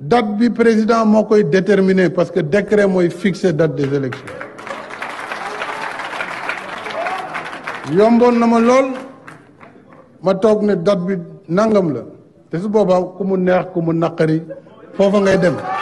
date bi président moo koy déterminer parce que décret mooy fixer date des élections yomboon na ma lool ma toog ne date bi nangam la te su boobaa ku mu neex ku mu naqari foofa ngay dem